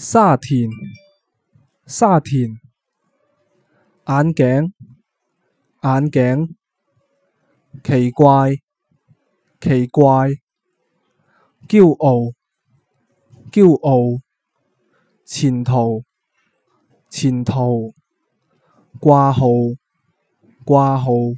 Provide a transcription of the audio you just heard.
沙田，沙田，眼鏡，眼鏡，奇怪，奇怪，驕傲，驕傲，前途，前途，掛號，掛號。